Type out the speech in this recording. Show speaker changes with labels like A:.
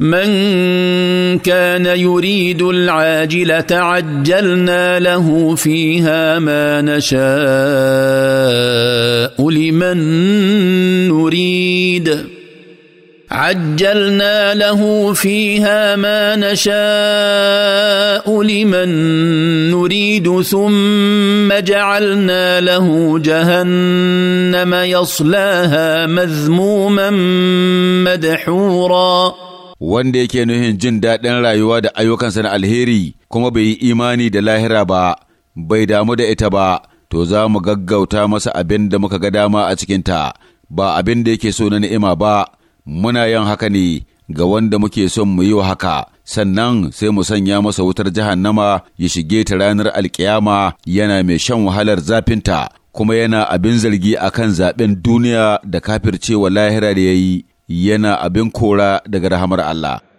A: من كان يريد العاجله عجلنا له فيها ما نشاء لمن نريد عجلنا له فيها ما نشاء لمن نريد ثم جعلنا له جهنم يصلاها مذموما مدحورا
B: wanda yake nuhin jin daɗin rayuwa da ayyukansa na alheri kuma bai yi imani da lahira ba bai damu da ita ba to za mu gaggauta masa abin da muka ga dama a cikinta ba abin da yake so na ni'ima ba muna yin haka ne ga wanda muke son mu yi wa haka sannan sai mu sanya masa wutar jahannama ya shige ta ranar alkiyama yana mai shan wahalar zafinta kuma yana abin zargi a kan zaɓen duniya da kafircewa lahira da ya yi yana abin kora daga rahamar
C: Allah.